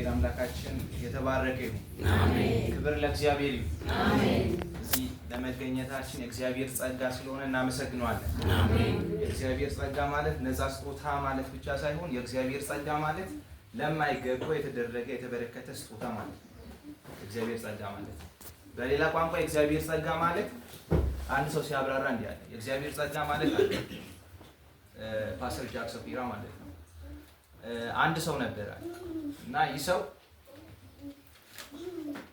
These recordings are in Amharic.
እግዚአብሔር አምላካችን የተባረከ ይሁን። ክብር ለእግዚአብሔር ይሁን። እዚህ ለመገኘታችን የእግዚአብሔር ጸጋ ስለሆነ እናመሰግነዋለን። የእግዚአብሔር ጸጋ ማለት ነፃ ስጦታ ማለት ብቻ ሳይሆን የእግዚአብሔር ጸጋ ማለት ለማይገባው የተደረገ የተበረከተ ስጦታ ማለት ነው። የእግዚአብሔር ጸጋ ማለት በሌላ ቋንቋ የእግዚአብሔር ጸጋ ማለት አንድ ሰው ሲያብራራ እንዲያለ አለ። የእግዚአብሔር ጸጋ ማለት አለ ፓስተር ጃክ ሰፊራ ማለት ነው አንድ ሰው ነበረ እና ይህ ሰው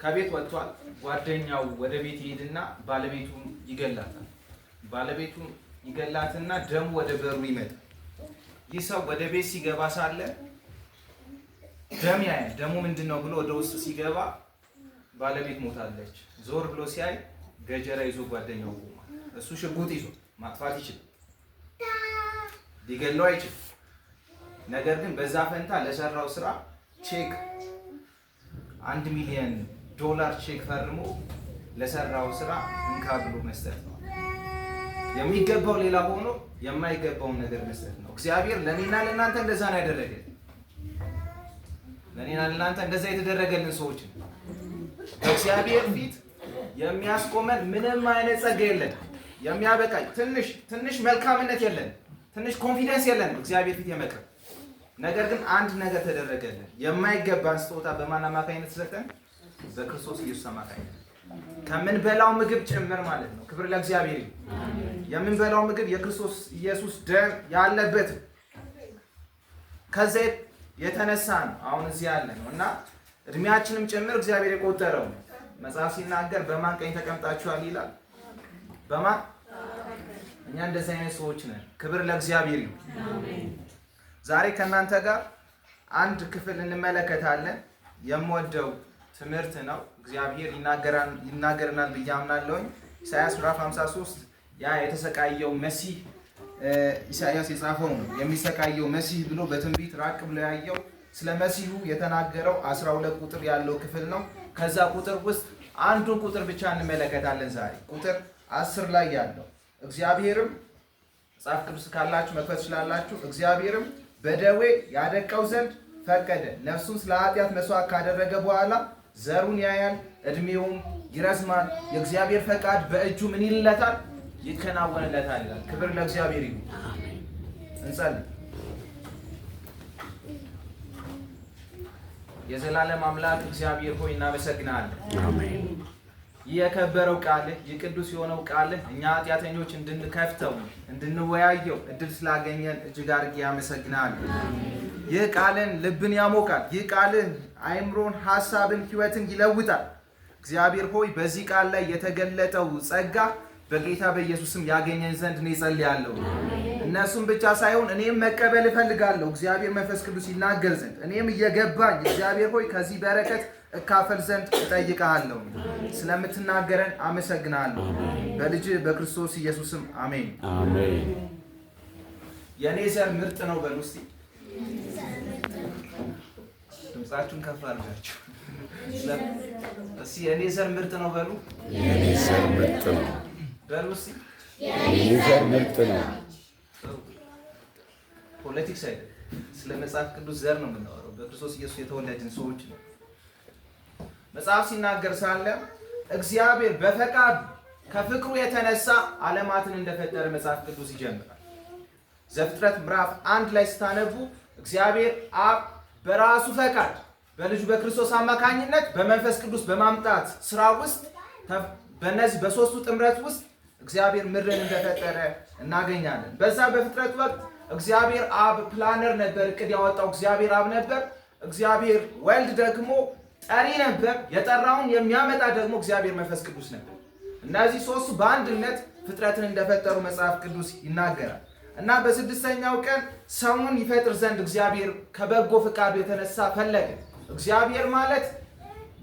ከቤት ወጥቷል። ጓደኛው ወደ ቤት ይሄድና ባለቤቱ ይገላታል። ባለቤቱ ይገላትና ደሙ ወደ በሩ ይመጣል። ይህ ሰው ወደ ቤት ሲገባ ሳለ ደም ያያል። ደሙ ምንድን ነው ብሎ ወደ ውስጥ ሲገባ ባለቤት ሞታለች። ዞር ብሎ ሲያይ ገጀራ ይዞ ጓደኛው ቆሟል። እሱ ሽጉጥ ይዞ ማጥፋት ይችላል፣ ሊገለው አይችልም። ነገር ግን በዛ ፈንታ ለሰራው ስራ ቼክ አንድ ሚሊዮን ዶላር ቼክ ፈርሞ ለሰራው ስራ እንካ ብሎ መስጠት ነው። የሚገባው ሌላ ሆኖ የማይገባውን ነገር መስጠት ነው። እግዚአብሔር ለእኔና ለእናንተ እንደዛ ነው ያደረገ። ለእኔና ለእናንተ እንደዛ የተደረገልን ሰዎች በእግዚአብሔር ፊት የሚያስቆመን ምንም አይነት ጸጋ የለን። የሚያበቃኝ ትንሽ ትንሽ መልካምነት የለን። ትንሽ ኮንፊደንስ የለን እግዚአብሔር ፊት የመቅረብ ነገር ግን አንድ ነገር ተደረገልን። የማይገባን ስጦታ በማን አማካኝነት ተሰጠን? በክርስቶስ ኢየሱስ አማካኝነት ከምንበላው ምግብ ጭምር ማለት ነው። ክብር ለእግዚአብሔር። የምንበላው ምግብ የክርስቶስ ኢየሱስ ደም ያለበት ከዚ የተነሳ ነው አሁን እዚህ ያለ ነው እና እድሜያችንም ጭምር እግዚአብሔር የቆጠረው ነው። መጽሐፍ ሲናገር በማን ቀኝ ተቀምጣችኋል ይላል። በማን እኛ እንደዚህ አይነት ሰዎች ነን። ክብር ለእግዚአብሔር። ዛሬ ከእናንተ ጋር አንድ ክፍል እንመለከታለን። የምወደው ትምህርት ነው። እግዚአብሔር ይናገረናል ብዬ አምናለሁኝ። ኢሳያስ ምዕራፍ 53 ያ የተሰቃየው መሲህ ኢሳያስ የጻፈው ነው። የሚሰቃየው መሲህ ብሎ በትንቢት ራቅ ብሎ ያየው ስለ መሲሁ የተናገረው 12 ቁጥር ያለው ክፍል ነው። ከዛ ቁጥር ውስጥ አንዱን ቁጥር ብቻ እንመለከታለን ዛሬ ቁጥር አስር ላይ ያለው እግዚአብሔርም መጽሐፍ ቅዱስ ካላችሁ መክፈት ትችላላችሁ። እግዚአብሔርም በደዌ ያደቀው ዘንድ ፈቀደ። ነፍሱን ስለ ኃጢአት መስዋዕት ካደረገ በኋላ ዘሩን ያያል፣ እድሜውም ይረዝማል። የእግዚአብሔር ፈቃድ በእጁ ምን ይልለታል? ይከናወንለታል ይላል። ክብር ለእግዚአብሔር ይሁን። እንጸልይ። የዘላለም አምላክ እግዚአብሔር ሆይ እናመሰግናለን። የከበረው ቃልህ የቅዱስ የሆነው ቃልህ እኛ ኃጢአተኞች እንድንከፍተው እንድንወያየው እድል ስላገኘን እጅግ አድርጌ ያመሰግናል። ይህ ቃልን ልብን ያሞቃል። ይህ ቃልን አይምሮን፣ ሀሳብን፣ ህይወትን ይለውጣል። እግዚአብሔር ሆይ በዚህ ቃል ላይ የተገለጠው ጸጋ በጌታ በኢየሱስም ያገኘን ዘንድ እኔ ጸልያለሁ። እነሱም ብቻ ሳይሆን እኔም መቀበል እፈልጋለሁ። እግዚአብሔር መንፈስ ቅዱስ ይናገር ዘንድ እኔም እየገባኝ እግዚአብሔር ሆይ ከዚህ በረከት እካፈል ዘንድ እጠይቀሃለሁ። ስለምትናገረን አመሰግናለሁ። በልጅ በክርስቶስ ኢየሱስም አሜን። የእኔ ዘር ምርጥ ነው በሉ እስቲ። ድምጻችሁን ከፍ አድርጋችሁ እስኪ የእኔ ዘር ምርጥ ነው በሉ። የእኔ ዘር ምርጥ ነው በሉ እስቲ። የእኔ ዘር ምርጥ ነው። ፖለቲክስ አይደለም። ስለ መጽሐፍ ቅዱስ ዘር ነው የምናወራው። በክርስቶስ ኢየሱስ የተወለድን ሰዎች ነው። መጽሐፍ ሲናገር ሳለ እግዚአብሔር በፈቃዱ ከፍቅሩ የተነሳ ዓለማትን እንደፈጠረ መጽሐፍ ቅዱስ ይጀምራል። ዘፍጥረት ምዕራፍ አንድ ላይ ስታነቡ እግዚአብሔር አብ በራሱ ፈቃድ በልጁ በክርስቶስ አማካኝነት በመንፈስ ቅዱስ በማምጣት ስራ ውስጥ በእነዚህ በሶስቱ ጥምረት ውስጥ እግዚአብሔር ምድርን እንደፈጠረ እናገኛለን። በዛ በፍጥረት ወቅት እግዚአብሔር አብ ፕላነር ነበር፣ እቅድ ያወጣው እግዚአብሔር አብ ነበር። እግዚአብሔር ወልድ ደግሞ ጠሪ ነበር። የጠራውን የሚያመጣ ደግሞ እግዚአብሔር መንፈስ ቅዱስ ነበር። እነዚህ ሶስቱ በአንድነት ፍጥረትን እንደፈጠሩ መጽሐፍ ቅዱስ ይናገራል። እና በስድስተኛው ቀን ሰውን ይፈጥር ዘንድ እግዚአብሔር ከበጎ ፈቃዱ የተነሳ ፈለገ። እግዚአብሔር ማለት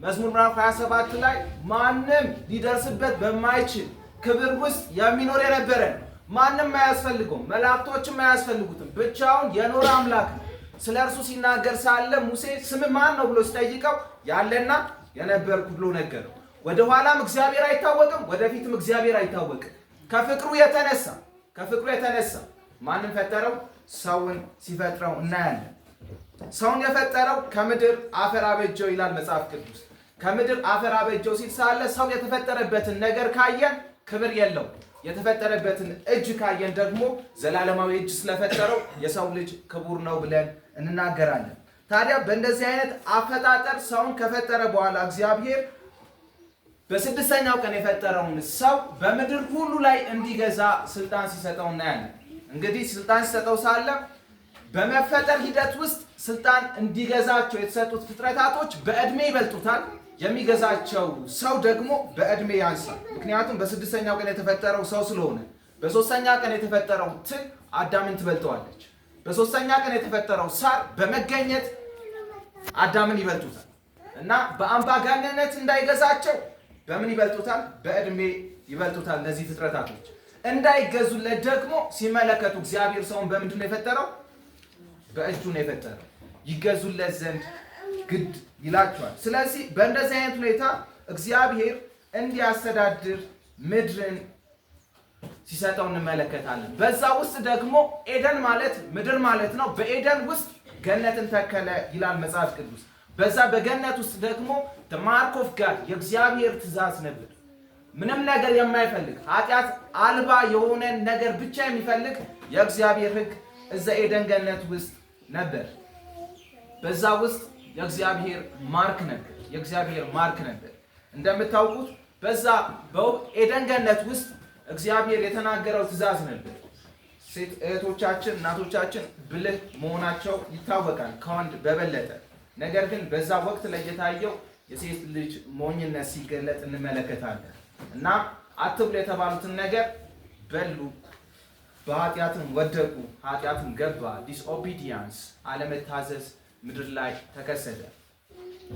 መዝሙር ምዕራፍ 27 ላይ ማንም ሊደርስበት በማይችል ክብር ውስጥ የሚኖር የነበረ ነው። ማንም አያስፈልገውም፣ መላእክቶችም አያስፈልጉትም። ብቻውን የኖረ አምላክ ነው። ስለ እርሱ ሲናገር ሳለ ሙሴ ስም ማን ነው ብሎ ሲጠይቀው ያለና የነበርኩ ብሎ ነገረው። ወደኋላም እግዚአብሔር አይታወቅም፣ ወደፊትም እግዚአብሔር አይታወቅም። ከፍቅሩ የተነሳ ከፍቅሩ የተነሳ ማንም ፈጠረው ሰውን ሲፈጥረው እናያለን። ሰውን የፈጠረው ከምድር አፈር አበጀው ይላል መጽሐፍ ቅዱስ። ከምድር አፈር አበጀው ሲል ሳለ ሰው የተፈጠረበትን ነገር ካየን ክብር የለው የተፈጠረበትን እጅ ካየን ደግሞ ዘላለማዊ እጅ ስለፈጠረው የሰው ልጅ ክቡር ነው ብለን እንናገራለን። ታዲያ በእንደዚህ አይነት አፈጣጠር ሰውን ከፈጠረ በኋላ እግዚአብሔር በስድስተኛው ቀን የፈጠረውን ሰው በምድር ሁሉ ላይ እንዲገዛ ስልጣን ሲሰጠው እናያለን። እንግዲህ ስልጣን ሲሰጠው ሳለ በመፈጠር ሂደት ውስጥ ስልጣን እንዲገዛቸው የተሰጡት ፍጥረታቶች በእድሜ ይበልጡታል። የሚገዛቸው ሰው ደግሞ በእድሜ ያንሳል። ምክንያቱም በስድስተኛው ቀን የተፈጠረው ሰው ስለሆነ፣ በሶስተኛ ቀን የተፈጠረው ትል አዳምን ትበልጠዋለች። በሶስተኛ ቀን የተፈጠረው ሳር በመገኘት አዳምን ይበልጡታል እና በአምባገነንነት እንዳይገዛቸው በምን ይበልጡታል? በእድሜ ይበልጡታል። እነዚህ ፍጥረታቶች እንዳይገዙለት ደግሞ ሲመለከቱ እግዚአብሔር ሰውን በምንድን ነው የፈጠረው? በእጁ ነው የፈጠረው። ይገዙለት ዘንድ ግድ ይላቸዋል። ስለዚህ በእንደዚህ አይነት ሁኔታ እግዚአብሔር እንዲያስተዳድር ምድርን ሲሰጠው እንመለከታለን። በዛ ውስጥ ደግሞ ኤደን ማለት ምድር ማለት ነው። በኤደን ውስጥ ገነትን ተከለ ይላል መጽሐፍ ቅዱስ። በዛ በገነት ውስጥ ደግሞ ማርኮፍ ጋር የእግዚአብሔር ትእዛዝ ነበር። ምንም ነገር የማይፈልግ ኃጢአት አልባ የሆነ ነገር ብቻ የሚፈልግ የእግዚአብሔር ሕግ እዛ ኤደን ገነት ውስጥ ነበር። በዛ ውስጥ የእግዚአብሔር ማርክ ነበር። የእግዚአብሔር ማርክ ነበር። እንደምታውቁት በዛ ኤደን ገነት ውስጥ እግዚአብሔር የተናገረው ትእዛዝ ነበር። ሴት እህቶቻችን እናቶቻችን ብልህ መሆናቸው ይታወቃል ከወንድ በበለጠ። ነገር ግን በዛ ወቅት ላይ የታየው የሴት ልጅ ሞኝነት ሲገለጥ እንመለከታለን እና አትብሉ የተባሉትን ነገር በሉ፣ በኃጢአትም ወደቁ፣ ኃጢአትም ገባ። ዲስኦቢዲያንስ አለመታዘዝ ምድር ላይ ተከሰተ።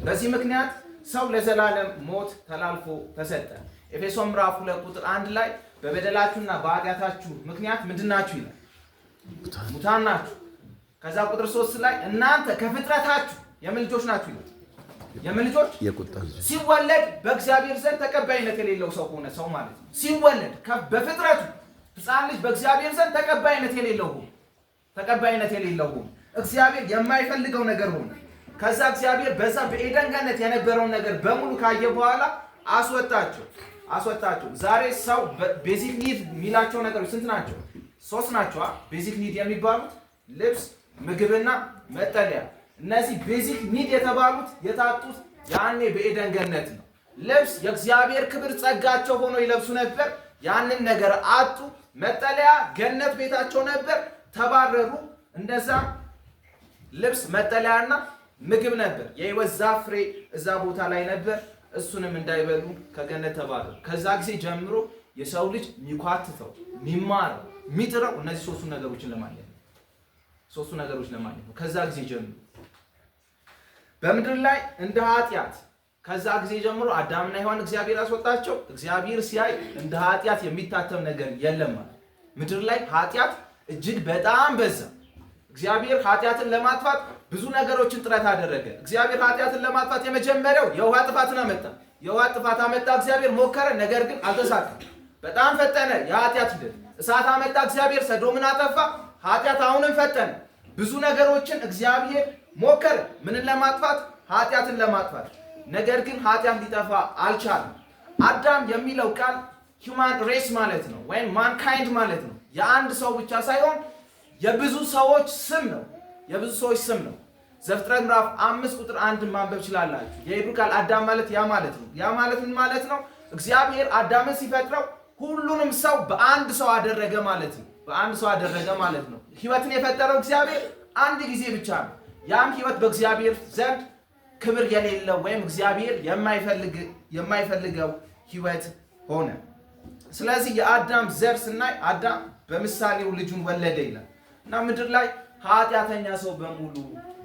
በዚህ ምክንያት ሰው ለዘላለም ሞት ተላልፎ ተሰጠ። ኤፌሶን ምዕራፍ 2 ቁጥር 1 ላይ በበደላችሁና በኃጢአታችሁ ምክንያት ምንድናችሁ ይላል ሙታን ናችሁ። ከዛ ቁጥር ሶስት ላይ እናንተ ከፍጥረታችሁ የምን ልጆች ናችሁ ይላል። የምን ልጆች ሲወለድ በእግዚአብሔር ዘንድ ተቀባይነት የሌለው ሰው ሆነ። ሰው ማለት ነው ሲወለድ በፍጥረቱ ሕፃን ልጅ በእግዚአብሔር ዘንድ ተቀባይነት የሌለው ሆነ። ተቀባይነት የሌለው ሆነ። እግዚአብሔር የማይፈልገው ነገር ሆነ። ከዛ እግዚአብሔር በዛ በኤደን ገነት የነበረውን ነገር በሙሉ ካየ በኋላ አስወጣቸው። አስወጣችሁ። ዛሬ ሰው ቤዚክ ኒድ የሚላቸው ነገሮች ስንት ናቸው? ሶስት ናቸው። ቤዚክ ኒድ የሚባሉት ልብስ፣ ምግብና መጠለያ። እነዚህ ቤዚክ ኒድ የተባሉት የታጡት ያኔ በኤደን ገነት ነው። ልብስ የእግዚአብሔር ክብር ጸጋቸው ሆኖ ይለብሱ ነበር። ያንን ነገር አጡ። መጠለያ ገነት ቤታቸው ነበር፣ ተባረሩ። እንደዛ ልብስ መጠለያና ምግብ ነበር። የሕይወት ዛፍ ፍሬ እዛ ቦታ ላይ ነበር። እሱንም እንዳይበሉ ከገነት ተባረሩ። ከዛ ጊዜ ጀምሮ የሰው ልጅ የሚኳትተው የሚማረው የሚጥረው እነዚህ ሶስቱ ነገሮችን ለማግኘት ነው። ሶስቱ ነገሮች ለማግኘት ነው። ከዛ ጊዜ ጀምሮ በምድር ላይ እንደ ኃጢአት ከዛ ጊዜ ጀምሮ አዳምና ሔዋን እግዚአብሔር ያስወጣቸው። እግዚአብሔር ሲያይ እንደ ኃጢአት የሚታተም ነገር የለም ምድር ላይ ኃጢአት እጅግ በጣም በዛ። እግዚአብሔር ኃጢአትን ለማጥፋት ብዙ ነገሮችን ጥረት አደረገ። እግዚአብሔር ኃጢአትን ለማጥፋት የመጀመሪያው የውሃ ጥፋትን አመጣ። የውሃ ጥፋት አመጣ። እግዚአብሔር ሞከረ፣ ነገር ግን አልተሳካም። በጣም ፈጠነ የኃጢአት ሂደት። እሳት አመጣ። እግዚአብሔር ሰዶምን አጠፋ። ኃጢአት አሁንም ፈጠነ። ብዙ ነገሮችን እግዚአብሔር ሞከረ። ምንን ለማጥፋት? ኃጢአትን ለማጥፋት። ነገር ግን ኃጢአት ሊጠፋ አልቻለም። አዳም የሚለው ቃል ሂውማን ሬስ ማለት ነው፣ ወይም ማንካይንድ ማለት ነው። የአንድ ሰው ብቻ ሳይሆን የብዙ ሰዎች ስም ነው። የብዙ ሰዎች ስም ነው። ዘፍጥረት ምዕራፍ አምስት ቁጥር አንድን ማንበብ ችላላችሁ። የሄብሩ ቃል አዳም ማለት ያ ማለት ነው። ያ ማለት ምን ማለት ነው? እግዚአብሔር አዳምን ሲፈጥረው ሁሉንም ሰው በአንድ ሰው አደረገ ማለት ነው። በአንድ ሰው አደረገ ማለት ነው። ህይወትን የፈጠረው እግዚአብሔር አንድ ጊዜ ብቻ ነው። ያም ህይወት በእግዚአብሔር ዘንድ ክብር የሌለው ወይም እግዚአብሔር የማይፈልገው ህይወት ሆነ። ስለዚህ የአዳም ዘር ስናይ አዳም በምሳሌው ልጁን ወለደ ይላል እና ምድር ላይ ኃጢአተኛ ሰው በሙሉ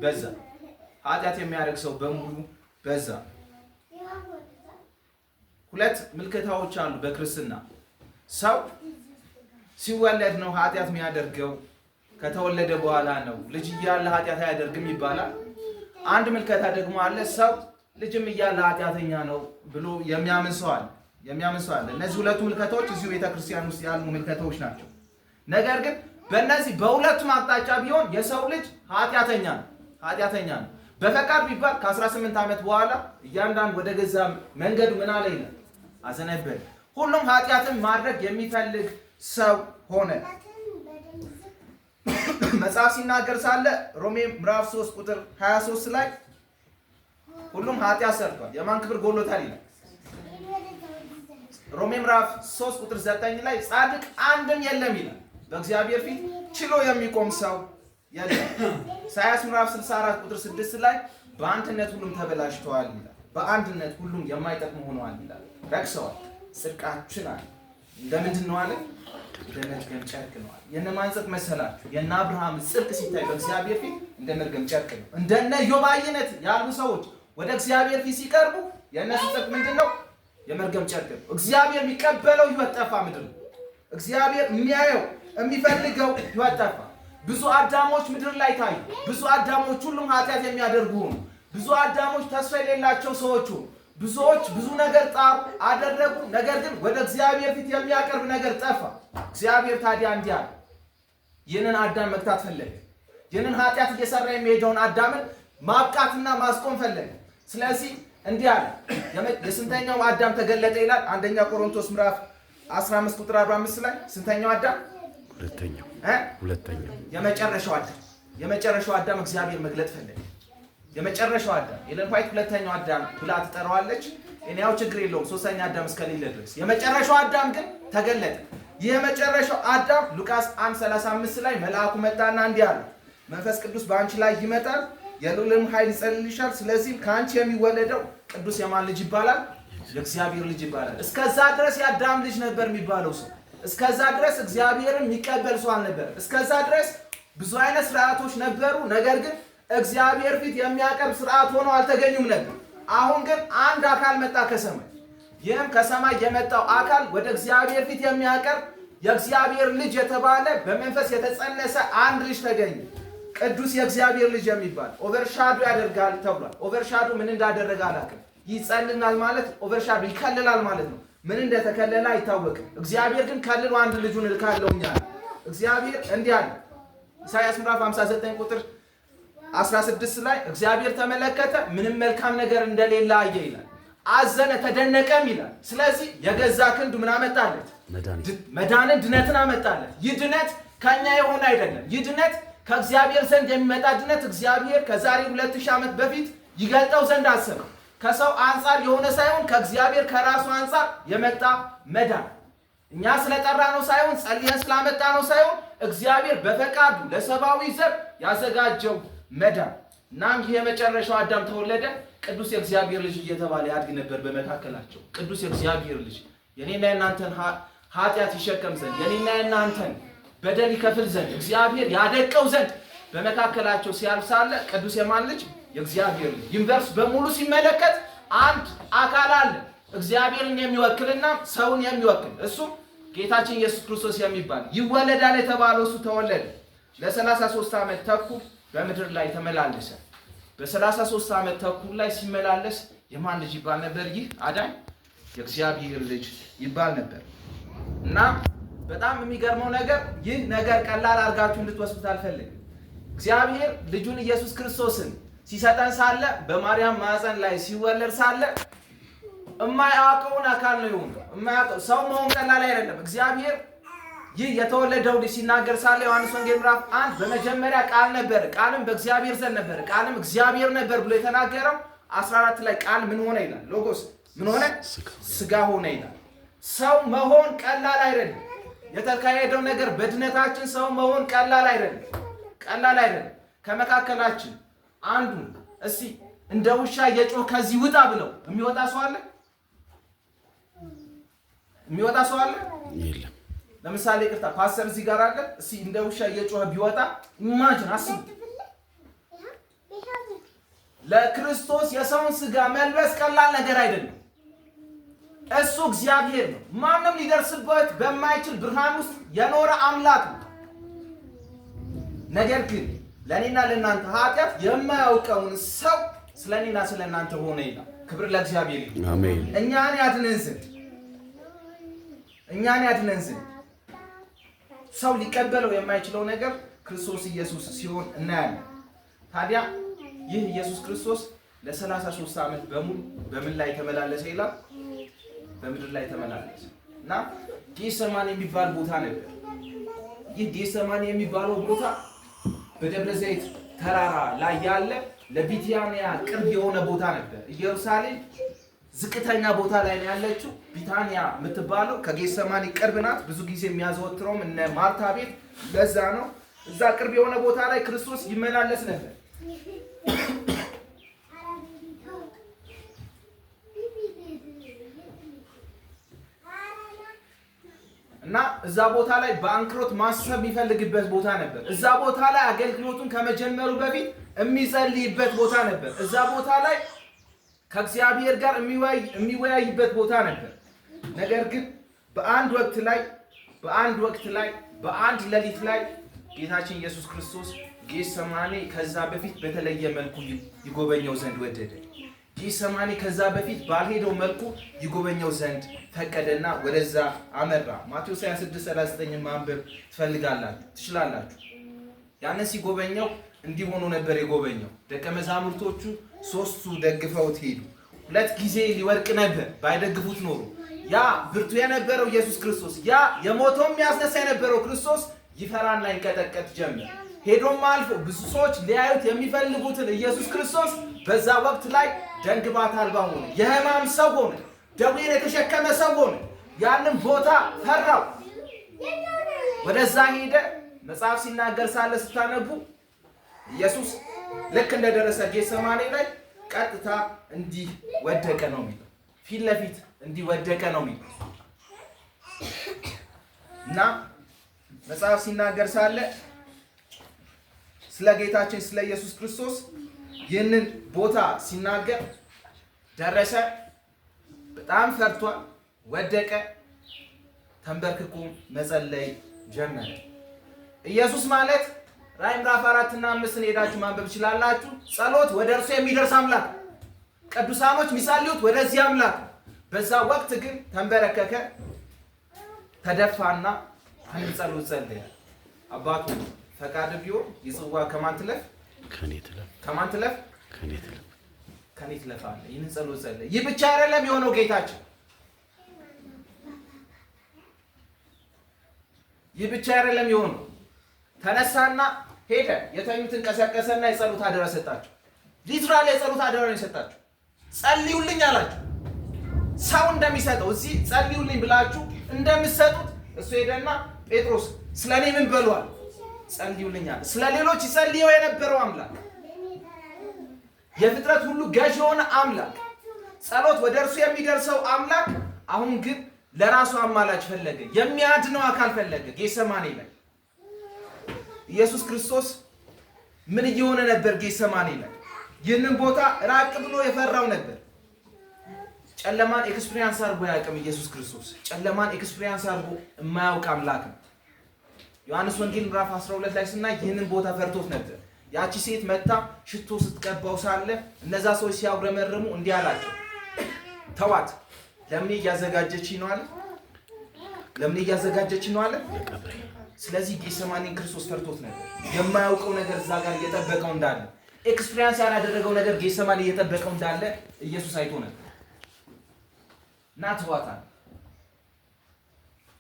በዛ። ኃጢአት የሚያደርግ ሰው በሙሉ በዛ። ሁለት ምልክታዎች አሉ በክርስትና ሰው ሲወለድ ነው ኃጢአት የሚያደርገው። ከተወለደ በኋላ ነው። ልጅ እያለ ኃጢአት አያደርግም ይባላል። አንድ ምልከታ ደግሞ አለ። ሰው ልጅም እያለ ኃጢአተኛ ነው ብሎ የሚያምን ሰው አለ የሚያምን ሰው አለ። እነዚህ ሁለቱ ምልከታዎች እዚሁ ቤተክርስቲያን ውስጥ ያሉ ምልከታዎች ናቸው። ነገር ግን በእነዚህ በሁለቱም አቅጣጫ ቢሆን የሰው ልጅ ኃጢአተኛ ነው ኃጢአተኛ ነው። በፈቃድ ቢባል ከ18 ዓመት በኋላ እያንዳንድ ወደ ገዛ መንገዱ ምን አለ ይላል አዘነበል። ሁሉም ኃጢአትን ማድረግ የሚፈልግ ሰው ሆነ። መጽሐፍ ሲናገር ሳለ ሮሜ ምዕራፍ 3 ቁጥር 23 ላይ ሁሉም ኃጢአት ሰርቷል፣ የማን ክብር ጎሎታል ይላል። ሮሜ ምዕራፍ 3 ቁጥር 9 ላይ ጻድቅ አንድም የለም ይላል። በእግዚአብሔር ፊት ችሎ የሚቆም ሰው የለም። ኢሳያስ ምዕራፍ 64 ቁጥር 6 ላይ በአንድነት ሁሉም ተበላሽተዋል ይላል። በአንድነት ሁሉም የማይጠቅም ሆነዋል ይላል። ረክሰዋል፣ ጽድቃችን አለ እንደምንድን ነው አለ እንደ መርገም ጨርቅ ነዋል። የእነማን ጽድቅ መሰላችሁ? የነ አብርሃም ጽድቅ ሲታይ በእግዚአብሔር ፊት እንደ መርገም ጨርቅ ነው። እንደነ ዮብ አይነት ያሉ ሰዎች ወደ እግዚአብሔር ፊት ሲቀርቡ የእነሱ ጽድቅ ምንድን ነው? የመርገም ጨርቅ ነው። እግዚአብሔር የሚቀበለው ይወጠፋ ምድር ነው። እግዚአብሔር የሚያየው የሚፈልገው ህይወት ጠፋ። ብዙ አዳሞች ምድር ላይ ታዩ። ብዙ አዳሞች ሁሉም ኃጢአት የሚያደርጉ ሆኑ። ብዙ አዳሞች ተስፋ የሌላቸው ሰዎች ብዙዎች ብዙ ነገር ጣሩ፣ አደረጉ። ነገር ግን ወደ እግዚአብሔር ፊት የሚያቀርብ ነገር ጠፋ። እግዚአብሔር ታዲያ እንዲህ አለ። ይህንን አዳም መግታት ፈለገ። ይህንን ኃጢአት እየሰራ የሚሄደውን አዳምን ማብቃትና ማስቆም ፈለገ። ስለዚህ እንዲህ አለ። የስንተኛው አዳም ተገለጠ ይላል አንደኛ ቆሮንቶስ ምዕራፍ 15 ቁጥር 45 ላይ ስንተኛው አዳም ሁለተኛው ሁለተኛው የመጨረሻው አዳም የመጨረሻው አዳም እግዚአብሔር መግለጥ ፈለገ። የመጨረሻው አዳም ኤለን ዋይት ሁለተኛው አዳም ብላ ትጠራዋለች። እኔ ያው ችግር የለውም ሶስተኛ አዳም እስከሌለ ድረስ የመጨረሻው አዳም ግን ተገለጠ። ይህ የመጨረሻው አዳም ሉቃስ 1:35 ላይ መልአኩ መጣና እንዲህ አለ፣ መንፈስ ቅዱስ በአንቺ ላይ ይመጣል፣ የልዑልም ኃይል ይጸልልሻል። ስለዚህም ከአንቺ የሚወለደው ቅዱስ የማን ልጅ ይባላል? የእግዚአብሔር ልጅ ይባላል። እስከዛ ድረስ የአዳም ልጅ ነበር የሚባለው ሰው እስከዛ ድረስ እግዚአብሔርን የሚቀበል ሰው አልነበረም። እስከዛ ድረስ ብዙ አይነት ስርዓቶች ነበሩ። ነገር ግን እግዚአብሔር ፊት የሚያቀርብ ስርዓት ሆኖ አልተገኙም ነበር። አሁን ግን አንድ አካል መጣ ከሰማይ። ይህም ከሰማይ የመጣው አካል ወደ እግዚአብሔር ፊት የሚያቀርብ የእግዚአብሔር ልጅ የተባለ በመንፈስ የተጸነሰ አንድ ልጅ ተገኘ። ቅዱስ የእግዚአብሔር ልጅ የሚባል ኦቨርሻዶ ያደርጋል ተብሏል። ኦቨርሻዶ ምን እንዳደረገ አላውቅም። ይጸልናል ማለት ኦቨርሻዶ ይከልላል ማለት ነው። ምን እንደተከለለ አይታወቅም። እግዚአብሔር ግን ከልሎ አንድ ልጁን እልካለሁኛል። እግዚአብሔር እንዲህ አለ። ኢሳያስ ምዕራፍ 59 ቁጥር 16 ላይ እግዚአብሔር ተመለከተ፣ ምንም መልካም ነገር እንደሌለ አየ ይላል። አዘነ ተደነቀም ይላል። ስለዚህ የገዛ ክንዱ ምን አመጣለት? መዳንን ድነትን አመጣለት። ይህ ድነት ከእኛ የሆነ አይደለም። ይህ ድነት ከእግዚአብሔር ዘንድ የሚመጣ ድነት እግዚአብሔር ከዛሬ 2000 ዓመት በፊት ይገልጠው ዘንድ አሰበው። ከሰው አንጻር የሆነ ሳይሆን ከእግዚአብሔር ከራሱ አንጻር የመጣ መዳን እኛ ስለጠራ ነው ሳይሆን ጸልየን ስላመጣ ነው ሳይሆን እግዚአብሔር በፈቃዱ ለሰብአዊ ዘር ያዘጋጀው መዳን። እናም ይህ የመጨረሻው አዳም ተወለደ። ቅዱስ የእግዚአብሔር ልጅ እየተባለ ያድግ ነበር በመካከላቸው። ቅዱስ የእግዚአብሔር ልጅ የኔና የናንተን ኃጢአት ይሸከም ዘንድ የኔና የናንተን በደል ይከፍል ዘንድ እግዚአብሔር ያደቀው ዘንድ በመካከላቸው ሲያልፍ ሳለ ቅዱስ የማን ልጅ የእግዚአብሔር ዩኒቨርስ በሙሉ ሲመለከት አንድ አካል አለ፣ እግዚአብሔርን የሚወክልና ሰውን የሚወክል እሱ ጌታችን ኢየሱስ ክርስቶስ የሚባል ይወለዳል የተባለው እሱ ተወለደ። ለ33 ዓመት ተኩል በምድር ላይ ተመላለሰ። በ33 ዓመት ተኩል ላይ ሲመላለስ የማን ልጅ ይባል ነበር? ይህ አዳኝ የእግዚአብሔር ልጅ ይባል ነበር እና በጣም የሚገርመው ነገር ይህ ነገር ቀላል አድርጋችሁ እንድትወስዱት አልፈልግም። እግዚአብሔር ልጁን ኢየሱስ ክርስቶስን ሲሰጠን ሳለ በማርያም ማዕፀን ላይ ሲወለድ ሳለ እማያውቀውን አካል ነው የሆነ። የማያውቀው ሰው መሆን ቀላል አይደለም። እግዚአብሔር ይህ የተወለደው ልጅ ሲናገር ሳለ ዮሐንስ ወንጌል ምዕራፍ አንድ በመጀመሪያ ቃል ነበር፣ ቃልም በእግዚአብሔር ዘንድ ነበር፣ ቃልም እግዚአብሔር ነበር ብሎ የተናገረው 14 ላይ ቃል ምን ሆነ ይላል። ሎጎስ ምን ሆነ? ስጋ ሆነ ይላል። ሰው መሆን ቀላል አይደለም። የተካሄደው ነገር በድነታችን ሰው መሆን ቀላል አይደለም፣ ቀላል አይደለም። ከመካከላችን አንዱ እስቲ እንደ ውሻ የጮህ ከዚህ ውጣ ብለው የሚወጣ ሰው አለ? የሚወጣ ሰው አለ? የለም። ለምሳሌ ቅርታ ፓስተር እዚህ ጋር አለ። እስቲ እንደ ውሻ የጮህ ቢወጣ ኢማጅን አስቡ። ለክርስቶስ የሰውን ስጋ መልበስ ቀላል ነገር አይደለም። እሱ እግዚአብሔር ነው። ማንም ሊደርስበት በማይችል ብርሃን ውስጥ የኖረ አምላክ ነው። ነገር ግን ለእኔና ለእናንተ ኃጢአት የማያውቀውን ሰው ስለ እኔና ስለ እናንተ ሆነ ይላል። ክብር ለእግዚአብሔር ይሁን። አሜን። እኛን ያድነን ዘንድ እኛን ያድነን ዘንድ ሰው ሊቀበለው የማይችለው ነገር ክርስቶስ ኢየሱስ ሲሆን እናያለን። ታዲያ ይህ ኢየሱስ ክርስቶስ ለ33 ዓመት በሙሉ በምን ላይ ተመላለሰ ይላል? በምድር ላይ ተመላለሰ እና ጌሰማን የሚባል ቦታ ነበር። ይህ ጌሰማን የሚባለው ቦታ በደብረ ዘይት ተራራ ላይ ያለ ለቢታንያ ቅርብ የሆነ ቦታ ነበር። ኢየሩሳሌም ዝቅተኛ ቦታ ላይ ነው ያለችው። ቢታንያ የምትባለው ከጌሰማኒ ቅርብ ናት። ብዙ ጊዜ የሚያዘወትረውም እነ ማርታ ቤት ለዛ ነው። እዛ ቅርብ የሆነ ቦታ ላይ ክርስቶስ ይመላለስ ነበር። እና እዛ ቦታ ላይ በአንክሮት ማሰብ የሚፈልግበት ቦታ ነበር። እዛ ቦታ ላይ አገልግሎቱን ከመጀመሩ በፊት የሚጸልይበት ቦታ ነበር። እዛ ቦታ ላይ ከእግዚአብሔር ጋር የሚወያይበት ቦታ ነበር። ነገር ግን በአንድ ወቅት ላይ በአንድ ወቅት ላይ በአንድ ሌሊት ላይ ጌታችን ኢየሱስ ክርስቶስ ጌቴሴማኒ ከዛ በፊት በተለየ መልኩ ይጎበኘው ዘንድ ወደደ። ጌቴሴማኒ ከዛ በፊት ባልሄደው መልኩ ይጎበኘው ዘንድ ፈቀደና ወደዛ አመራ። ማቴዎስ 26፥39 ማንበብ ትፈልጋላችሁ ትችላላችሁ። ያንን ሲጎበኘው እንዲህ ሆኖ ነበር የጎበኘው። ደቀ መዛሙርቶቹ ሶስቱ ደግፈውት ሄዱ። ሁለት ጊዜ ሊወርቅ ነበር ባይደግፉት ኖሮ ያ ብርቱ የነበረው ኢየሱስ ክርስቶስ ያ የሞተውም ያስነሳ የነበረው ክርስቶስ ይፈራና ይንቀጠቀጥ ጀመር። ሄዶም አልፎ ብዙ ሰዎች ሊያዩት የሚፈልጉትን ኢየሱስ ክርስቶስ በዛ ወቅት ላይ ደንግባት አልባ ሆነ። የሕማም ሰው ሆነ። ደዌን የተሸከመ ሰው ሆነ። ያንን ቦታ ፈራው። ወደዛ ሄደ። መጽሐፍ ሲናገር ሳለ ስታነቡ ኢየሱስ ልክ እንደደረሰ ጌሰማኔ ላይ ቀጥታ እንዲህ ወደቀ ነው የሚለው። ፊት ለፊት እንዲህ ወደቀ ነው የሚለው እና መጽሐፍ ሲናገር ሳለ ስለ ጌታችን ስለ ኢየሱስ ክርስቶስ ይህንን ቦታ ሲናገር ደረሰ፣ በጣም ፈርቷል፣ ወደቀ፣ ተንበርክኮ መጸለይ ጀመረ። ኢየሱስ ማለት ራዕይ ምዕራፍ አራት እና አምስትን ሄዳችሁ ማንበብ ይችላላችሁ። ጸሎት ወደ እርሱ የሚደርስ አምላክ፣ ቅዱሳኖች የሚጸልዩት ወደዚህ አምላክ። በዛ ወቅት ግን ተንበረከከ፣ ተደፋና አንድ ጸሎት ጸልይ። አባቱ ፈቃድ ቢሆን የጽዋ ከማን ትለፍ? ከኔ ትለፍ። ከማን ትለፍ? ከኔ ትለፍ። ከኔ ትለፍ አለ። ይህን ጸሎት ጸልይ። ይህ ብቻ አይደለም የሆነው ጌታችን ይህ ብቻ አይደለም የሆነው። ተነሳና ሄደ። የተኙትን ቀሰቀሰና የጸሎት አደራ ሰጣቸው። ሊትራል የጸሎት አደራ ነው የሰጣቸው። ጸልዩልኝ አላቸው። ሰው እንደሚሰጠው እዚህ ጸልዩልኝ ብላችሁ እንደምትሰጡት እሱ ሄደና ጴጥሮስ ስለ እኔ ምን በሏል? ጸልዩልኛል። ስለ ሌሎች ይጸልየው የነበረው አምላክ የፍጥረት ሁሉ ገዥ የሆነ አምላክ ጸሎት ወደ እርሱ የሚደርሰው አምላክ አሁን ግን ለራሱ አማላጅ ፈለገ፣ የሚያድነው አካል ፈለገ። ጌሰማኔ ላይ ኢየሱስ ክርስቶስ ምን እየሆነ ነበር? ጌሰማኔ ላይ ይህንን ቦታ ራቅ ብሎ የፈራው ነበር። ጨለማን ኤክስፒሪያንስ አድርጎ አያውቅም። ኢየሱስ ክርስቶስ ጨለማን ኤክስፒሪያንስ አድርጎ የማያውቅ አምላክ ነው። ዮሐንስ ወንጌል ምዕራፍ 12 ላይ ስናይ ይህንን ቦታ ፈርቶት ነበር። ያቺ ሴት መታ ሽቶ ስትቀባው ሳለ እነዛ ሰዎች ሲያጉረመርሙ እንዲህ አላቸው፣ ተዋት፣ ለምን እያዘጋጀች ነው አለ። ለምን እያዘጋጀች ነው አለ። ስለዚህ ጌሰማኒን ክርስቶስ ፈርቶት ነበር። የማያውቀው ነገር እዛ ጋር እየጠበቀው እንዳለ፣ ኤክስፒሪያንስ ያላደረገው ነገር ጌሰማኒ እየጠበቀው እንዳለ ኢየሱስ አይቶ ነበር። ናትዋታል።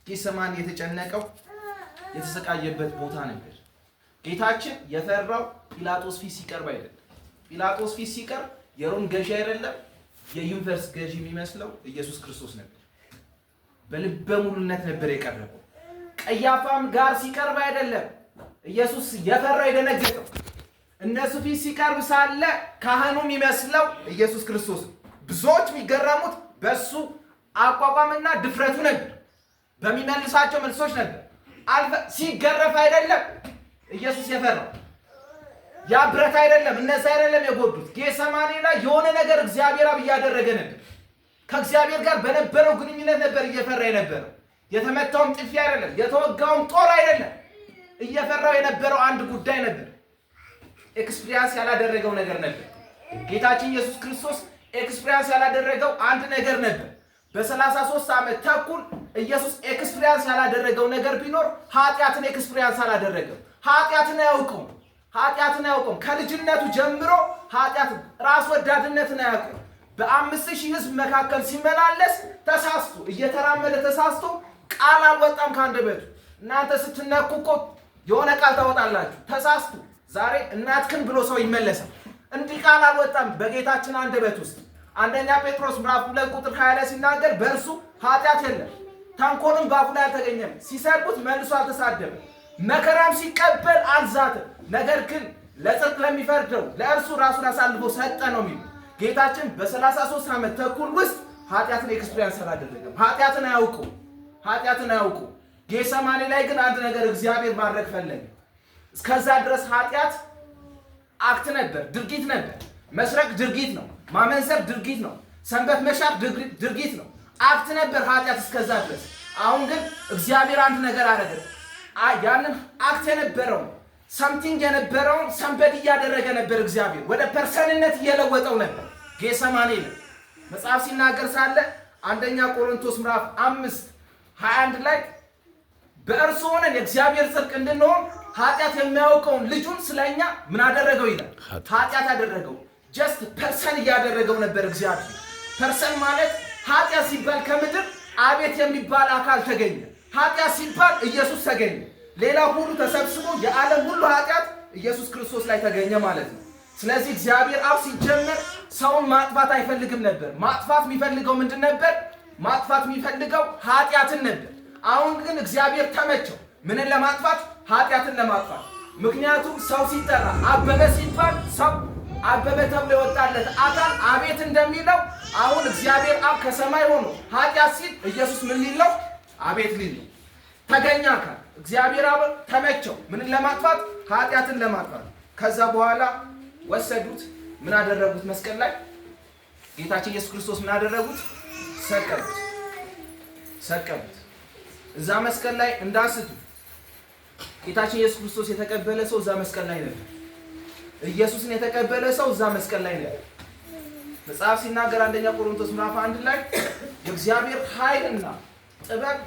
ጌሰማኒ የተጨነቀው የተሰቃየበት ቦታ ነበር። ጌታችን የፈራው ጲላጦስ ፊት ሲቀርብ አይደለም። ጲላጦስ ፊት ሲቀርብ የሮም ገዢ አይደለም፣ የዩኒቨርስ ገዢ የሚመስለው ኢየሱስ ክርስቶስ ነበር። በልበ ሙሉነት ነበር የቀረበው። ቀያፋም ጋር ሲቀርብ አይደለም ኢየሱስ የፈራው የደነገጠው እነሱ ፊት ሲቀርብ ሳለ ካህኑ የሚመስለው ኢየሱስ ክርስቶስ። ብዙዎች የሚገረሙት በሱ አቋቋምና ድፍረቱ ነበር፣ በሚመልሳቸው መልሶች ነበር። ሲገረፍ አይደለም ኢየሱስ የፈራው ያ ብረት አይደለም እነዛ አይደለም የጎዱት። ጌሰማኔ ላይ የሆነ ነገር እግዚአብሔር አብ እያደረገ ነበር። ከእግዚአብሔር ጋር በነበረው ግንኙነት ነበር እየፈራ የነበረው። የተመታውም ጥፊ አይደለም፣ የተወጋውም ጦር አይደለም። እየፈራው የነበረው አንድ ጉዳይ ነበር። ኤክስፒሪያንስ ያላደረገው ነገር ነበር። ጌታችን ኢየሱስ ክርስቶስ ኤክስፒሪያንስ ያላደረገው አንድ ነገር ነበር። በ33 ዓመት ተኩል ኢየሱስ ኤክስፒሪያንስ ያላደረገው ነገር ቢኖር ኃጢአትን ኤክስፒሪያንስ አላደረገም። ኃጢአትን አያውቅም። ኃጢአትን አያውቅም። ከልጅነቱ ጀምሮ ኃጢአት ራስ ወዳድነትን አያውቅም። በአምስት ሺህ ህዝብ መካከል ሲመላለስ ተሳስቶ እየተራመደ ተሳስቶ ቃል አልወጣም ከአንደበቱ። እናንተ ስትነኩ እኮ የሆነ ቃል ታወጣላችሁ። ተሳስቶ ዛሬ እናትክን ብሎ ሰው ይመለሳል። እንዲህ ቃል አልወጣም በጌታችን አንደበት ውስጥ አንደኛ ጴጥሮስ ምዕራፍ ሁለት ቁጥር ሀያ ላይ ሲናገር በእርሱ ኃጢአት የለም፣ ተንኮልም በአፉ ላይ አልተገኘም። ሲሰድቡት መልሶ አልተሳደበም፣ መከራም ሲቀበል አልዛትም። ነገር ግን ለጽድቅ ለሚፈርደው ለእርሱ ራሱን አሳልፎ ሰጠ ነው የሚሉ ጌታችን በ33 ዓመት ተኩል ውስጥ ኃጢአትን ኤክስፒሪያንስ አላደረገም። ኃጢአትን አያውቁ ኃጢአትን አያውቁ። ጌሰማኔ ላይ ግን አንድ ነገር እግዚአብሔር ማድረግ ፈለገ። እስከዛ ድረስ ኃጢአት አክት ነበር፣ ድርጊት ነበር። መስረቅ ድርጊት ነው። ማመንዘር ድርጊት ነው። ሰንበት መሻር ድርጊት ነው። አክት ነበር ኃጢአት እስከዛ ድረስ። አሁን ግን እግዚአብሔር አንድ ነገር አረገ። ያንን አክት የነበረውን ሰምቲንግ የነበረውን ሰንበት እያደረገ ነበር እግዚአብሔር ወደ ፐርሰንነት እየለወጠው ነበር። ጌሰማኔ ነው መጽሐፍ ሲናገር ሳለ አንደኛ ቆሮንቶስ ምዕራፍ አምስት 21 ላይ በእርሱ ሆነን የእግዚአብሔር ጽድቅ እንድንሆን ኃጢአት የሚያውቀውን ልጁን ስለኛ ምን አደረገው ይላል። ኃጢአት አደረገው። ጀስት ፐርሰን እያደረገው ነበር እግዚአብሔር። ፐርሰን ማለት ኃጢአት ሲባል ከምድር አቤት የሚባል አካል ተገኘ። ኃጢአት ሲባል ኢየሱስ ተገኘ። ሌላ ሁሉ ተሰብስቦ የዓለም ሁሉ ኃጢአት ኢየሱስ ክርስቶስ ላይ ተገኘ ማለት ነው። ስለዚህ እግዚአብሔር አብ ሲጀመር ሰውን ማጥፋት አይፈልግም ነበር። ማጥፋት የሚፈልገው ምንድን ነበር? ማጥፋት የሚፈልገው ኃጢአትን ነበር። አሁን ግን እግዚአብሔር ተመቸው። ምንን ለማጥፋት? ኃጢአትን ለማጥፋት። ምክንያቱም ሰው ሲጠራ አበበ ሲባል ሰው አበበ ተብሎ የወጣለት አካል አቤት እንደሚለው አሁን እግዚአብሔር አብ ከሰማይ ሆኖ ኃጢአት ሲል ኢየሱስ ምን ሊለው አቤት ሊል ነው። ተገኛ አካል እግዚአብሔር አብ ተመቸው። ምንን ለማጥፋት? ኃጢአትን ለማጥፋት። ከዛ በኋላ ወሰዱት። ምን አደረጉት? መስቀል ላይ ጌታችን ኢየሱስ ክርስቶስ ምን አደረጉት? ሰቀሉት። ሰቀሉት። እዛ መስቀል ላይ እንዳስቱ ጌታችን ኢየሱስ ክርስቶስ የተቀበለ ሰው እዛ መስቀል ላይ ነበር። ኢየሱስን የተቀበለ ሰው እዛ መስቀል ላይ ነው። መጽሐፍ ሲናገር አንደኛ ቆሮንቶስ ምዕራፍ አንድ ላይ የእግዚአብሔር ኃይልና ጥበብ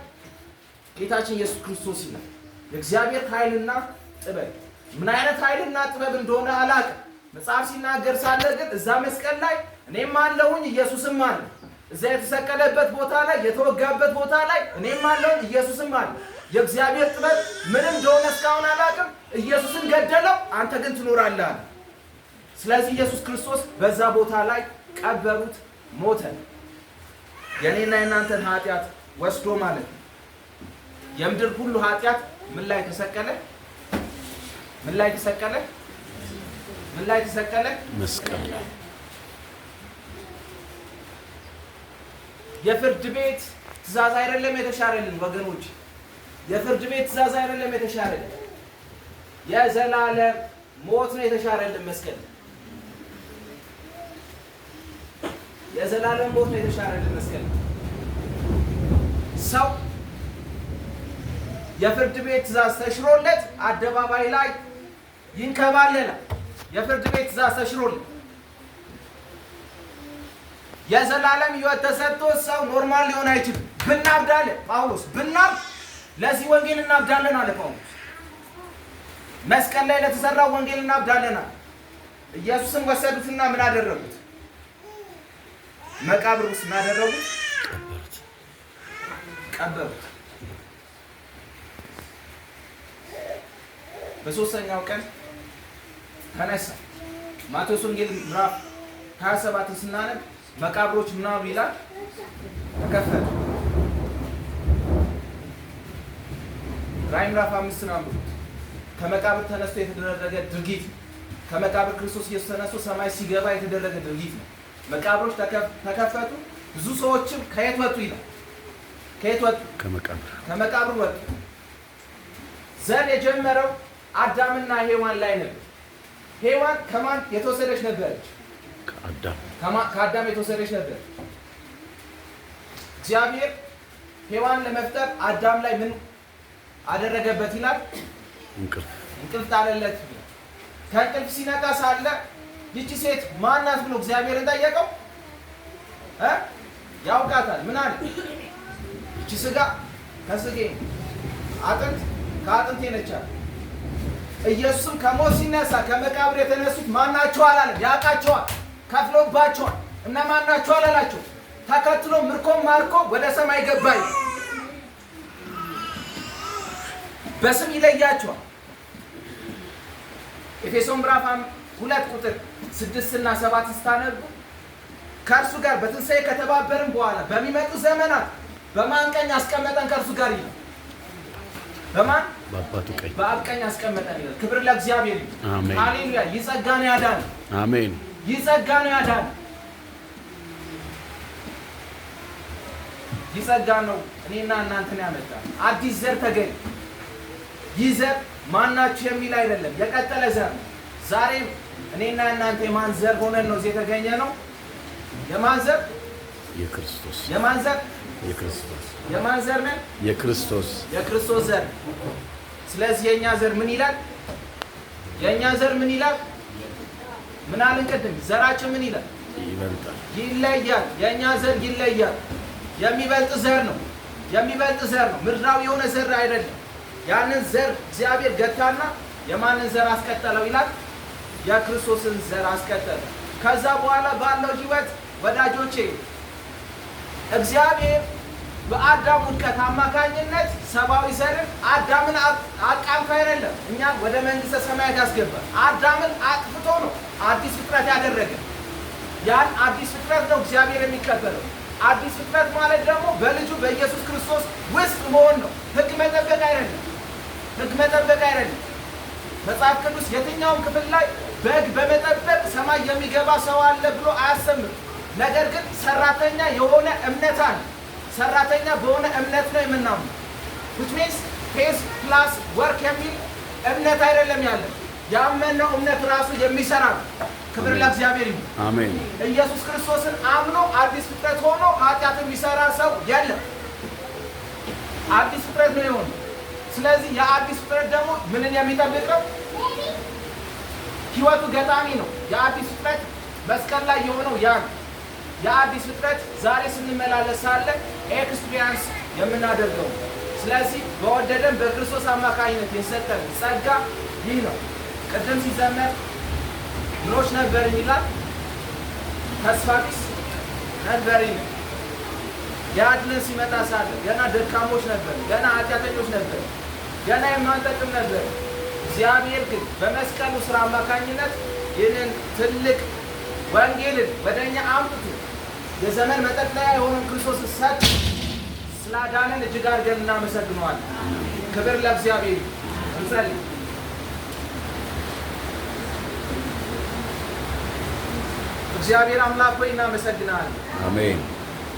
ጌታችን ኢየሱስ ክርስቶስ ይላል። የእግዚአብሔር ኃይልና ጥበብ ምን አይነት ኃይልና ጥበብ እንደሆነ አላውቅም። መጽሐፍ ሲናገር ሳለ ግን እዛ መስቀል ላይ እኔም አለሁኝ ኢየሱስም አለ። እዛ የተሰቀለበት ቦታ ላይ የተወጋበት ቦታ ላይ እኔም አለሁኝ ኢየሱስም አለ። የእግዚአብሔር ጥበብ ምን እንደሆነ እስካሁን አላውቅም። ኢየሱስን ገደለው፣ አንተ ግን ትኖራለህ አለ። ስለዚህ ኢየሱስ ክርስቶስ በዛ ቦታ ላይ ቀበሩት፣ ሞተ። የኔና የእናንተን ኃጢአት ወስዶ ማለት ነው። የምድር ሁሉ ኃጢአት ምን ላይ ተሰቀለ? ምን ላይ ተሰቀለ? ምን ላይ ተሰቀለ? መስቀል ላይ። የፍርድ ቤት ትእዛዝ አይደለም የተሻረልን ወገኖች፣ የፍርድ ቤት ትእዛዝ አይደለም የተሻረልን፣ የዘላለም ሞት ነው የተሻረልን መስቀል የዘላለም ሞት ነው የተሻረ መስቀል። ሰው የፍርድ ቤት ትእዛዝ ተሽሮለት አደባባይ ላይ ይንከባለላል። የፍርድ ቤት ትእዛዝ ተሽሮለት የዘላለም ሕይወት ተሰጥቶ ሰው ኖርማል ሊሆን አይችልም። ብናብዳለ ጳውሎስ፣ ብናብ ለዚህ ወንጌል እናብዳለን አለ ጳውሎስ። መስቀል ላይ ለተሰራው ወንጌል እናብዳለን አለ። ኢየሱስን ወሰዱትና ምን አደረጉት? መቃብር ውስጥ ማደረጉ ቀበሩት። በሶስተኛው ቀን ተነሳ። ማቴዎስ ወንጌል ምዕራፍ 27 ስናነብ መቃብሮች ምናምን ይላል ተከፈቱ። ራዕይ ምዕራፍ አምስት አንብቡት። ከመቃብር ተነስቶ የተደረገ ድርጊት ከመቃብር ክርስቶስ ኢየሱስ ተነስቶ ሰማይ ሲገባ የተደረገ ድርጊት ነው። መቃብሮች ተከፈቱ። ብዙ ሰዎችም ከየት ወጡ ይላል። ከየት ወጡ? ከመቃብር ወጡ። ዘር የጀመረው አዳምና ሔዋን ላይ ነበር። ሔዋን ከማን የተወሰደች ነበረች? ከአዳም የተወሰደች ነበር። እግዚአብሔር ሔዋን ለመፍጠር አዳም ላይ ምን አደረገበት ይላል? እንቅልፍ ጣለለት። ከእንቅልፍ ሲነቃ ሳለ ይቺ ሴት ማናት ብሎ እግዚአብሔር ጠየቀው። ያውቃታል። ምን አለ? ይቺ ስጋ ከስጌ አጥንት ከአጥንቴ የነቻል። ኢየሱስም ከሞት ሲነሳ ከመቃብር የተነሱት ማናቸው አላለ። ያውቃቸዋል፣ ከፍሎባቸዋል። እና ማናቸው አላላቸው። ተከትሎ ምርኮም ማርኮ ወደ ሰማይ ገባይ። በስም ይለያቸዋል። ኤፌሶን ምዕራፍ ሁለት ቁጥር ስድስት እና ሰባት ስታነቡ ከእርሱ ጋር በትንሣኤ ከተባበርን በኋላ በሚመጡ ዘመናት በማን ቀኝ አስቀመጠን? ከእርሱ ጋር ይ በማን በአባቱ ቀኝ በአብ ቀኝ አስቀመጠን ይላል። ክብር ለእግዚአብሔር ይሁን። ሃሌሉያ። ይህ ጸጋ ነው ያዳን። አሜን። ይህ ጸጋ ነው ያዳን። ይህ ጸጋ ነው እኔና እናንተን ያመጣል። አዲስ ዘር ተገኝ። ይህ ዘር ማናችሁ የሚል አይደለም፣ የቀጠለ ዘር ዛሬም እኔና እናንተ የማንዘር ሆነን ነው እዚህ የተገኘ ነው? የማንዘር ዘር? የክርስቶስ። የማንዘር የክርስቶስ። የማንዘር ነን? የክርስቶስ። የክርስቶስ ዘር። ስለዚህ የእኛ ዘር ምን ይላል? የእኛ ዘር ምን ይላል? ምን አልን ቅድም? ዘራችን ምን ይላል? ይበልጣል፣ ይለያል። የእኛ ዘር ይለያል። የሚበልጥ ዘር ነው። የሚበልጥ ዘር ነው። ምድራዊ የሆነ ዘር አይደለም። ያንን ዘር እግዚአብሔር ገታና የማንን ዘር አስቀጠለው ይላል የክርስቶስን ዘር አስከተለ። ከዛ በኋላ ባለው ህይወት ወዳጆቼ እግዚአብሔር በአዳም ውድቀት አማካኝነት ሰብአዊ ዘርን አዳምን አቃምቶ አይደለም እኛ ወደ መንግስተ ሰማያት ያስገባ አዳምን አጥፍቶ ነው አዲስ ፍጥረት ያደረገ። ያን አዲስ ፍጥረት ነው እግዚአብሔር የሚቀበለው። አዲስ ፍጥረት ማለት ደግሞ በልጁ በኢየሱስ ክርስቶስ ውስጥ መሆን ነው። ህግ መጠበቅ አይደለም። ህግ መጠበቅ አይደለም። መጽሐፍ ቅዱስ የትኛውም ክፍል ላይ በግ በመጠበቅ ሰማይ የሚገባ ሰው አለ ብሎ አያሰምም። ነገር ግን ሰራተኛ የሆነ እምነት አለ። ሰራተኛ በሆነ እምነት ነው የምናምኑ። ዊች ሚንስ ፌዝ ፕላስ ወርክ የሚል እምነት አይደለም ያለ ያመነው እምነት ራሱ የሚሰራ ነው። ክብር ለእግዚአብሔር ይሁን። አሜን። ኢየሱስ ክርስቶስን አምኖ አዲስ ፍጥረት ሆኖ ኃጢአት የሚሰራ ሰው የለም። አዲስ ፍጥረት ነው የሆነ። ስለዚህ የአዲስ ፍጥረት ደግሞ ምንን የሚጠብቅ ነው? ህይወቱ ገጣሚ ነው። የአዲስ ፍጥረት መስቀል ላይ የሆነው ያ ነው። የአዲስ ፍጥረት ዛሬ ስንመላለስ ሳለ ኤክስፒሪያንስ የምናደርገው ስለዚህ በወደደን በክርስቶስ አማካኝነት የሰጠን ጸጋ ይህ ነው። ቅድም ሲዘመር ድሮች ነበርን ይላል፣ ተስፋ ቢስ ነበርን። የአድነን ሲመጣ ሳለ ገና ደካሞች ነበር፣ ገና ኃጢአተኞች ነበር፣ ገና የማንጠቅም ነበር። እግዚአብሔር ግን በመስቀሉ ስራ አማካኝነት ይህንን ትልቅ ወንጌልን ወደኛ እኛ አምጥቶ የዘመን መጠቅለያ የሆነን ክርስቶስ ሰጥ ስላዳንን እጅግ አድርገን እናመሰግነዋለን። ክብር ለእግዚአብሔር። እንጸልይ። እግዚአብሔር አምላክ ሆይ እናመሰግናለን። አሜን።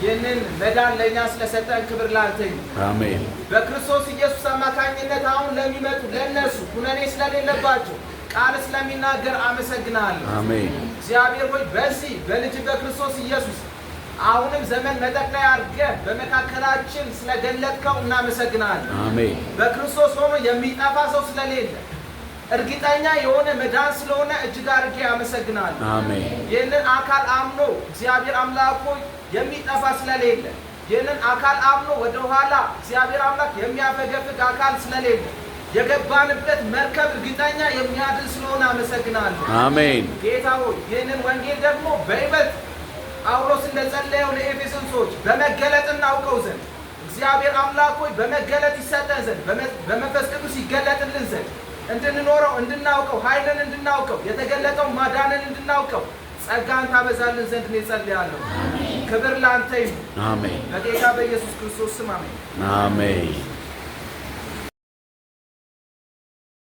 ይህንን መዳን ለእኛ ስለሰጠን ክብር ላንተኝ አሜን። በክርስቶስ ኢየሱስ አማካኝነት አሁን ለሚመጡ ለእነሱ ሁነኔ ስለሌለባቸው ቃል ስለሚናገር አመሰግናለሁ። አሜን። እግዚአብሔር ሆይ በዚህ በልጅ በክርስቶስ ኢየሱስ አሁንም ዘመን ላይ አድርገህ በመካከላችን ስለገለጥከው እናመሰግናለን። አሜን። በክርስቶስ ሆኖ የሚጠፋ ሰው ስለሌለ እርግጠኛ የሆነ መዳን ስለሆነ እጅግ አድርጌ አመሰግናለሁ። አሜን። ይህንን አካል አምኖ እግዚአብሔር አምላክ ሆይ የሚጠፋ ስለሌለ ይህንን አካል አምኖ ወደ ኋላ እግዚአብሔር አምላክ የሚያፈገፍግ አካል ስለሌለ የገባንበት መርከብ እርግጠኛ የሚያድል ስለሆነ አመሰግናለሁ። አሜን። ጌታ ሆይ ይህንን ወንጌል ደግሞ በይበት ጳውሎስ እንደጸለየው ለኤፌሶን ሰዎች በመገለጥ እናውቀው ዘንድ እግዚአብሔር አምላክ ሆይ በመገለጥ ይሰጠን ዘንድ በመንፈስ ቅዱስ ይገለጥልን ዘንድ እንድንኖረው እንድናውቀው ኃይልን እንድናውቀው የተገለጠው ማዳንን እንድናውቀው ጸጋን ታበዛልን ዘንድ እኔ ጸልያለሁ። ክብር ለአንተ ይሁን። አሜን። በጌታ በኢየሱስ ክርስቶስ ስም አሜን። አሜን።